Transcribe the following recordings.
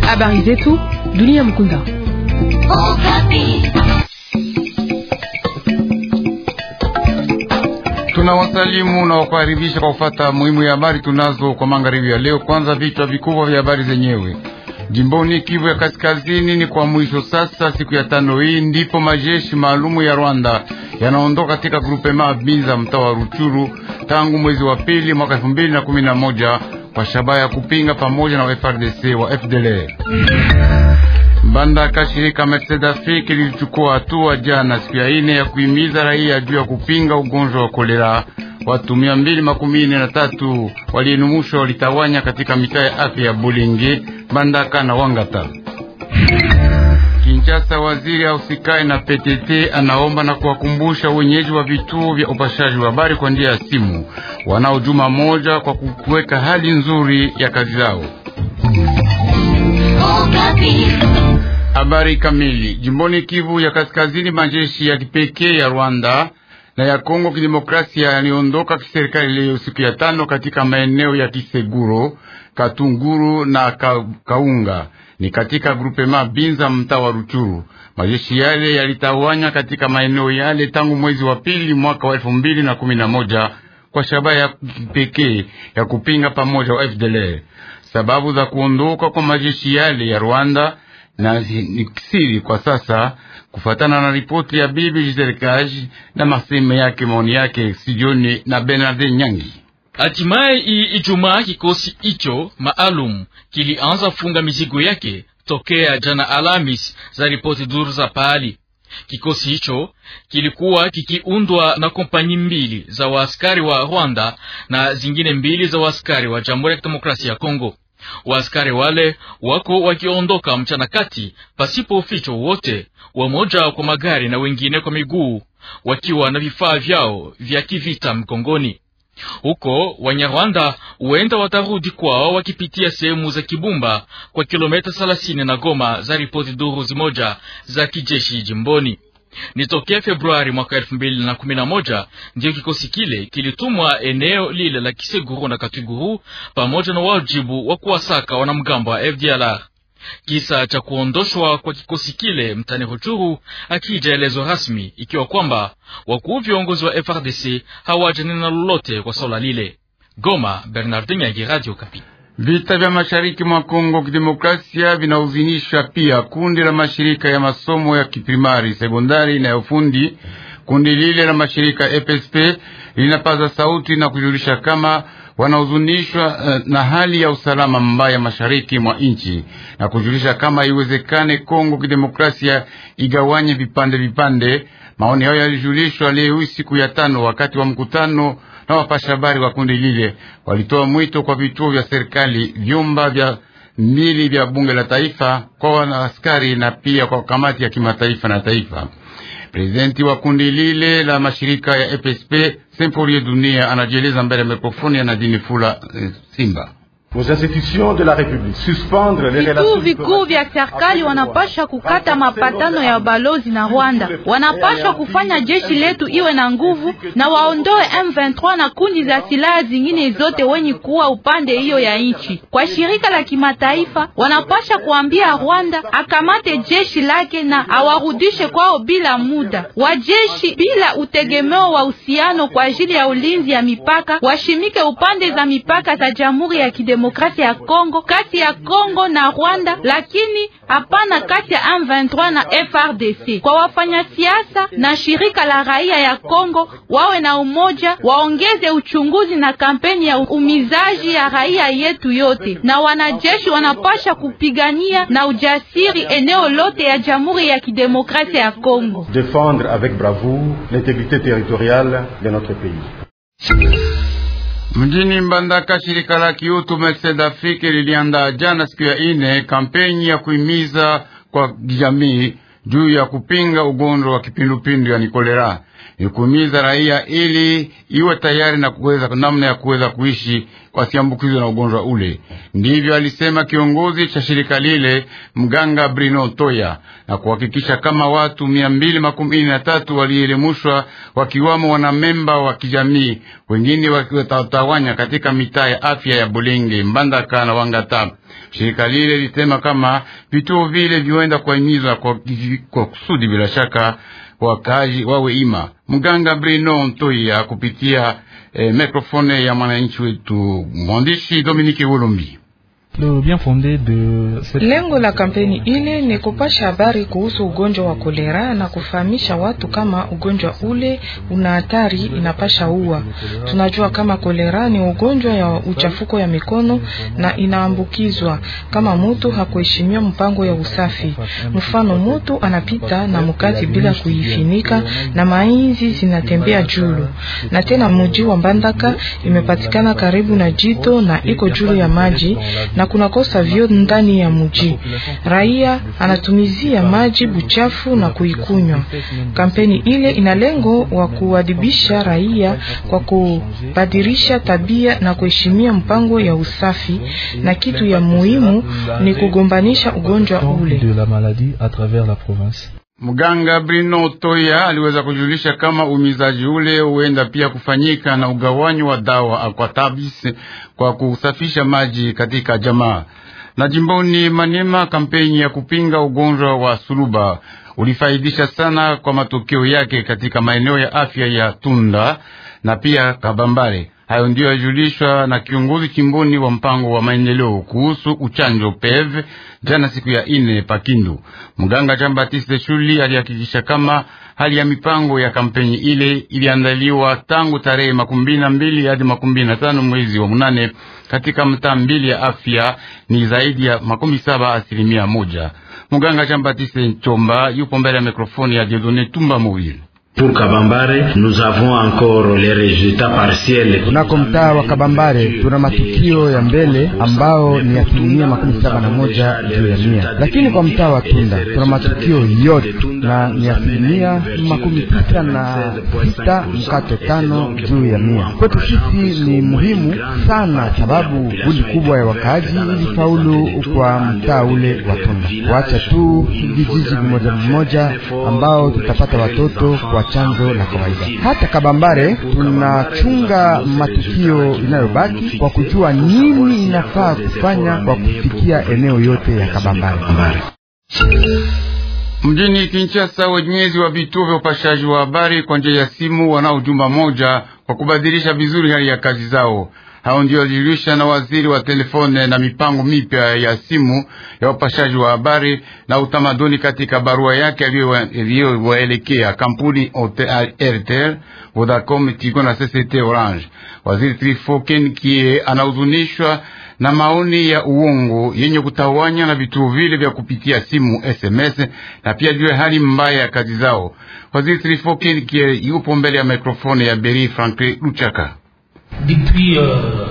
Habari zetu dunia mkunda. Tunawasalimu na wakukaribisha kwa kufata muhimu ya habari tunazo kwa magharibi ya leo. Kwanza vichwa vikubwa vya habari zenyewe. Jimboni Kivu ya Kaskazini ni kwa mwisho sasa, siku ya tano hii ndipo majeshi maalumu ya Rwanda yanaondoka katika grupe Mabinza mtaa wa Ruchuru tangu mwezi wa pili mwaka moja kwa shabaha ya kupinga pamoja na FRDC wa FDLR. mbandaka shirika Mercedes Afrique lilichukua hatua jana siku ya ine ya kuhimiza raia juu ya kupinga ugonjwa wa kolera. Watu mia mbili makumi ine na tatu walienumushwa walitawanya katika mitaa ya afya ya Bulingi, mbandaka na Wangata. Kinshasa, waziri ausikae na PTT anaomba na kuwakumbusha wenyeji wa vituo vya upashaji wa habari kwa njia ya simu, wanao juma moja kwa kuweka hali nzuri ya kazi zao. Oh, habari kamili. Jimboni Kivu ya Kaskazini, majeshi ya kipekee ya Rwanda na ya Kongo Kidemokrasia yaliondoka kiserikali leo siku ya tano katika maeneo ya Kiseguro, Katunguru na Kaunga ni katika grupema Binza, mtaa wa Ruchuru. Majeshi yale yalitawanya katika maeneo yale tangu mwezi wa pili mwaka wa elfu mbili na kumi na moja kwa shabaha ya kipekee ya kupinga pamoja wa FDLR. Sababu za kuondoka kwa majeshi yale ya Rwanda na siri kwa sasa, kufatana na ripoti ya bibi Jiserekaji na maseme yake, maoni yake Sijoni na Bernarde Nyangi. Hatimaye hii Ijumaa kikosi hicho maalum kilianza funga mizigo yake tokea jana Alhamis, za ripoti duru za pahali. Kikosi hicho kilikuwa kikiundwa na kompanyi mbili za waaskari wa Rwanda na zingine mbili za waaskari wa Jamhuri ya Kidemokrasia ya Kongo. Waaskari wale wako wakiondoka mchana kati pasipo uficho wote, wamoja kwa magari na wengine kwa miguu, wakiwa na vifaa vyao vya kivita mgongoni. Huko Wanyarwanda huenda watarudi kwao wakipitia sehemu za Kibumba kwa kilomita thelathini na Goma, za ripoti duru zimoja za kijeshi jimboni. Ni tokea Februari mwaka elfu mbili na kumi na moja ndiyo kikosi kile kilitumwa eneo lile la Kiseguru na Katiguru pamoja na wajibu wa kuwasaka wanamgambo wa FDLR. Kisa cha kuondoshwa kwa kikosi kile mtani Ruchuru akijaelezwa rasmi, ikiwa kwamba wakuu viongozi wa FRDC hawajanena lolote kwa swala lile. Goma, Bernardin Yangi, Radio Kapi. Vita vya mashariki mwa Kongo kidemokrasia vinahuzinisha pia kundi la mashirika ya masomo ya kiprimari, sekondari na ya ufundi. Kundi lile la mashirika EPSP linapaza sauti na kujulisha kama wanahuzunishwa eh, na hali ya usalama mbaya mashariki mwa nchi na kujulisha kama iwezekane Kongo kidemokrasia igawanye vipande vipande. Maoni hayo yalijulishwa leo siku ya tano wakati wa mkutano na wapasha habari wa kundi lile. Walitoa mwito kwa vituo vya serikali, vyumba vya mbili vya bunge la taifa, kwa wanaaskari na pia kwa kamati ya kimataifa na taifa Prezidenti wa kundi lile la mashirika ya EPSP Semporie Dunia anajieleza mbele ya mikrofoni ya Nadini Fula eh, Simba. Vituo vikuu vya serikali wanapasha kukata mapatano ya balozi na Rwanda, wanapasha kufanya jeshi letu iwe na nguvu na waondoe M23 na kundi za silaha zingine zote wenye kuwa upande hiyo ya nchi. Kwa shirika la kimataifa wanapasha kuambia Rwanda akamate jeshi lake na awarudishe kwao bila muda, wajeshi bila utegemeo wa uhusiano kwa ajili ya ulinzi ya mipaka washimike upande za mipaka za Jamhuri ya Kidemokrasia Demokrasia ya Kongo, kati ya Kongo na Rwanda, lakini hapana kati ya M23 na FRDC. Kwa wafanyasiasa na shirika la raia ya Kongo wawe na umoja, waongeze uchunguzi na kampeni ya umizaji ya raia yetu yote, na wanajeshi wanapasha kupigania na ujasiri eneo lote ya Jamhuri ya Kidemokrasia ya Kongo. Defendre avec bravoure l'intégrité territoriale de notre pays. Mjini Mbandaka, shirika la kiutu Mercedes Afrique liliandaa jana siku ya ine kampeni ya kuhimiza kwa jamii juu ya kupinga ugonjwa wa kipindupindu yani kolera yukumiza raia ili iwe tayari na kuweza namna ya kuweza kuishi wasiambukizwe na ugonjwa ule. Ndivyo alisema kiongozi cha shirika lile mganga Bruno Toya, na kuhakikisha kama watu mia mbili makumi na tatu walielimishwa wakiwamo wanamemba wa kijamii, wengine wakiwatawanya katika mitaa ya afya ya Bulenge, Mbandaka na Wangata. Shirika lile lisema kama vituo vile viwenda kuhimizwa kwa kusudi bila shaka wakazi wawe ima. Mganga Bruno Ntoya kupitia eh, mikrofone ya mwananchi wetu mwandishi Dominike Wolombi. Lengo la kampeni ile ni kupasha habari kuhusu ugonjwa wa kolera na kufahamisha watu kama ugonjwa ule una hatari, inapasha uwa. Tunajua kama kolera ni ugonjwa ya uchafuko ya mikono na inaambukizwa kama mutu hakuheshimia mpango ya usafi. Mfano, mutu anapita na mkazi bila kuifinika na mainzi zinatembea julu. Na tena muji wa Mbandaka imepatikana karibu na jito na iko julu ya maji na kunakosa vyo ndani ya muji. Raia anatumizia maji buchafu na kuikunywa. Kampeni ile ina lengo wa kuadhibisha raia kwa kubadilisha tabia na kuheshimia mpango ya usafi, na kitu ya muhimu ni kugombanisha ugonjwa ule. Mganga brino Toya aliweza kujulisha kama umizaji ule huenda pia kufanyika na ugawanyi wa dawa aquatabis kwa kusafisha maji katika jamaa. Na jimboni Manema, kampeni ya kupinga ugonjwa wa suluba ulifaidisha sana kwa matokeo yake katika maeneo ya afya ya Tunda na pia Kabambare. Hayo ndiyo yajulishwa na kiongozi kimboni wa mpango wa maendeleo kuhusu uchanjo PEV jana siku ya ine Pakindu. Mganga Jean Baptiste Shuli alihakikisha kama hali ya mipango ya kampeni ile iliandaliwa tangu tarehe makumi na mbili hadi makumi na tano mwezi wa munane katika mtaa mbili ya afya ni zaidi ya makumi saba asilimia moja. Mganga Jean Baptiste Chomba yupo mbele ya mikrofoni ya Jedone Tumba Mobile. Pour Kabambare, nous avons encore les résultats partiels. Kunako mtaa wa Kabambare tuna matukio ya mbele ambao ni asilimia makumi saba na moja juu ya mia, lakini kwa mtaa wa Tunda tuna matukio yote na ni asilimia makumi tisa na sita mkato tano juu ya mia. Kwetu sisi ni muhimu sana, sababu kundi kubwa ya wakaaji ilifaulu kwa mtaa ule wa Tunda. Wacha tu vijiji vimoja vimoja ambao tutapata watoto kwa chanjo la kawaida. Hata Kabambare tunachunga matukio inayobaki kwa kujua nini inafaa kufanya kwa kufikia eneo yote ya Kabambare. Mjini Kinshasa, wenyezi wa vituo vya upashaji wa habari kwa njia ya simu wanao jumba moja kwa kubadilisha vizuri hali ya kazi zao. Hao ndio alijulisha na waziri wa telefone na mipango mipya ya simu ya upashaji wa habari na utamaduni katika barua yake aliyowaelekea kampuni RTL, Vodacom, Tigo na CCT Orange. Waziri Trifoken kie anahuzunishwa na maoni ya uongo yenye kutawanya na vituo vile vya kupitia simu SMS na pia juu hali mbaya ya kazi zao. Waziri Trifoken kie yupo mbele ya mikrofoni ya Beri Franklin Luchaka. Euh,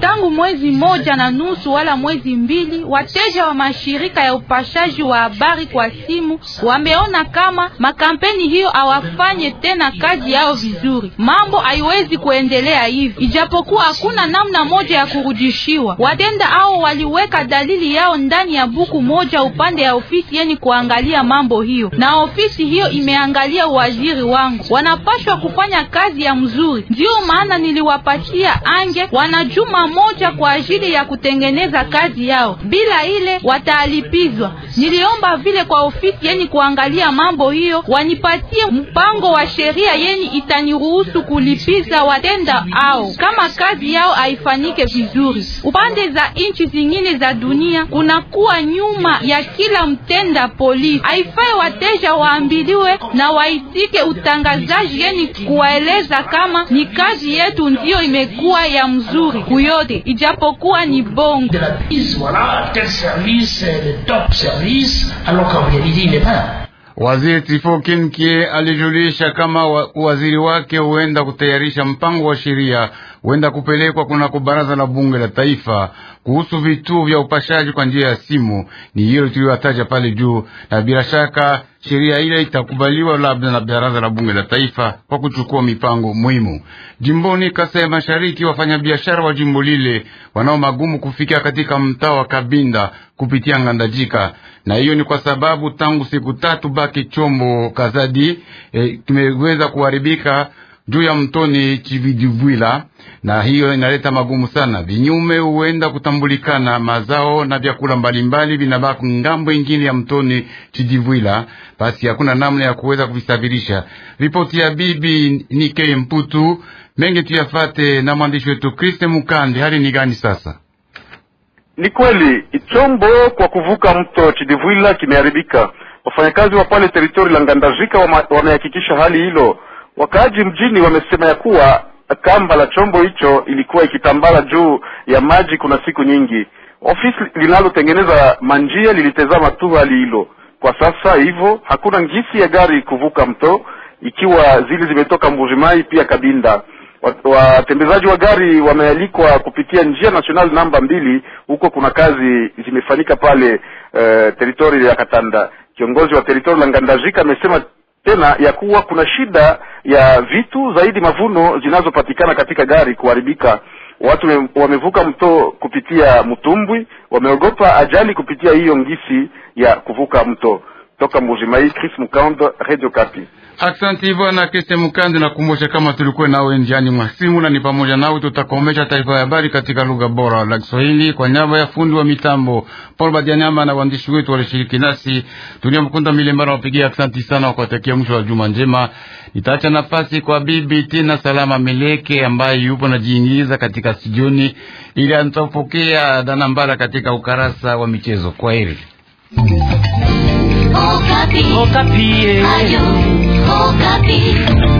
Tangu mwezi moja na nusu wala mwezi mbili, wateja wa mashirika ya upashaji wa habari kwa simu wameona kama makampeni hiyo hawafanye tena kazi yao vizuri. Mambo haiwezi kuendelea hivi, ijapokuwa hakuna namna moja ya kurudishiwa. Watenda hao waliweka dalili yao ndani ya buku moja upande ya ofisi yeni kuangalia mambo hiyo, na ofisi hiyo imeangalia uwaziri wangu. Wanapashwa kufanya kazi ya mzuri, ndiyo maana niliwapa kuwaachia ange wana juma moja kwa ajili ya kutengeneza kazi yao, bila ile wataalipizwa. Niliomba vile kwa ofisi yeni kuangalia mambo hiyo, wanipatie mpango wa sheria yeni itaniruhusu kulipiza watenda ao kama kazi yao haifanyike vizuri. Upande za nchi zingine za dunia kunakuwa nyuma ya kila mtenda polisi, haifai wateja waambiliwe na waitike utangazaji yeni kuwaeleza kama ni kazi yetu ndiyo imekuwa ya mzuri kuyote, ijapokuwa ni bongo uh, Waziri Tifo Kinkie alijulisha kama wa, waziri wake huenda kutayarisha mpango wa sheria huenda kupelekwa kunako baraza la bunge la taifa kuhusu vituo vya upashaji kwa njia ya simu. Ni hilo tuliyotaja pale juu, na bila shaka sheria ile itakubaliwa labda na baraza la bunge la taifa kwa kuchukua mipango muhimu. Jimboni kasa ya Mashariki, wafanyabiashara wa jimbo lile wanao magumu kufika katika mtaa wa Kabinda kupitia Ngandajika, na hiyo ni kwa sababu tangu siku tatu baki chombo Kazadi eh, kimeweza kuharibika juu ya mtoni Chividivwila, na hiyo inaleta magumu sana. Vinyume huenda kutambulikana mazao na vyakula mbalimbali vinabaki ngambo ingine ya mtoni Chidivwila, basi hakuna namna ya kuweza kuvisafirisha. Ripoti ya bibi Nike Mputu mengi tuyafate na mwandishi wetu Kriste mukandi Hali ni gani sasa? Ni kweli chombo kwa kuvuka mto Chidivwila kimeharibika. Wafanyakazi wa pale teritori la Ngandazika wamehakikisha hali hilo Wakaaji mjini wamesema ya kuwa kamba la chombo hicho ilikuwa ikitambala juu ya maji kuna siku nyingi. Ofisi linalotengeneza manjia lilitazama tu hali hilo. Kwa sasa hivyo hakuna ngisi ya gari kuvuka mto, ikiwa zile zimetoka Mbujimai pia Kabinda. Watembezaji wa gari wamealikwa kupitia njia national namba mbili, huko kuna kazi zimefanyika pale uh, teritori ya Katanda. Kiongozi wa teritori la Ngandajika amesema tena ya kuwa kuna shida ya vitu zaidi mavuno zinazopatikana katika gari kuharibika. Watu wamevuka mto kupitia mtumbwi, wameogopa ajali kupitia hiyo ngisi ya kuvuka mto. Toka mbuzimai Chris Mukando, Radio Kapi. Aksanti Ivana Kese na nakumbusha kama tulikuwa nawe njiani mwa simu na ni pamoja nawe tutakomesha taarifa ya habari katika lugha bora la Kiswahili kwa niaba ya fundi wa mitambo Paul Badianyama na waandishi wetu walishiriki nasi. Dunia Mkunda Milembana wapigia aksanti sana, wakuwatakia mwisho wa juma njema. Nitaacha nafasi kwa bibi Tina Salama Meleke ambaye yupo najiingiza katika sijoni ili anatopokea dana mbara katika ukarasa wa michezo. Kwa heri. Eh. Okapi.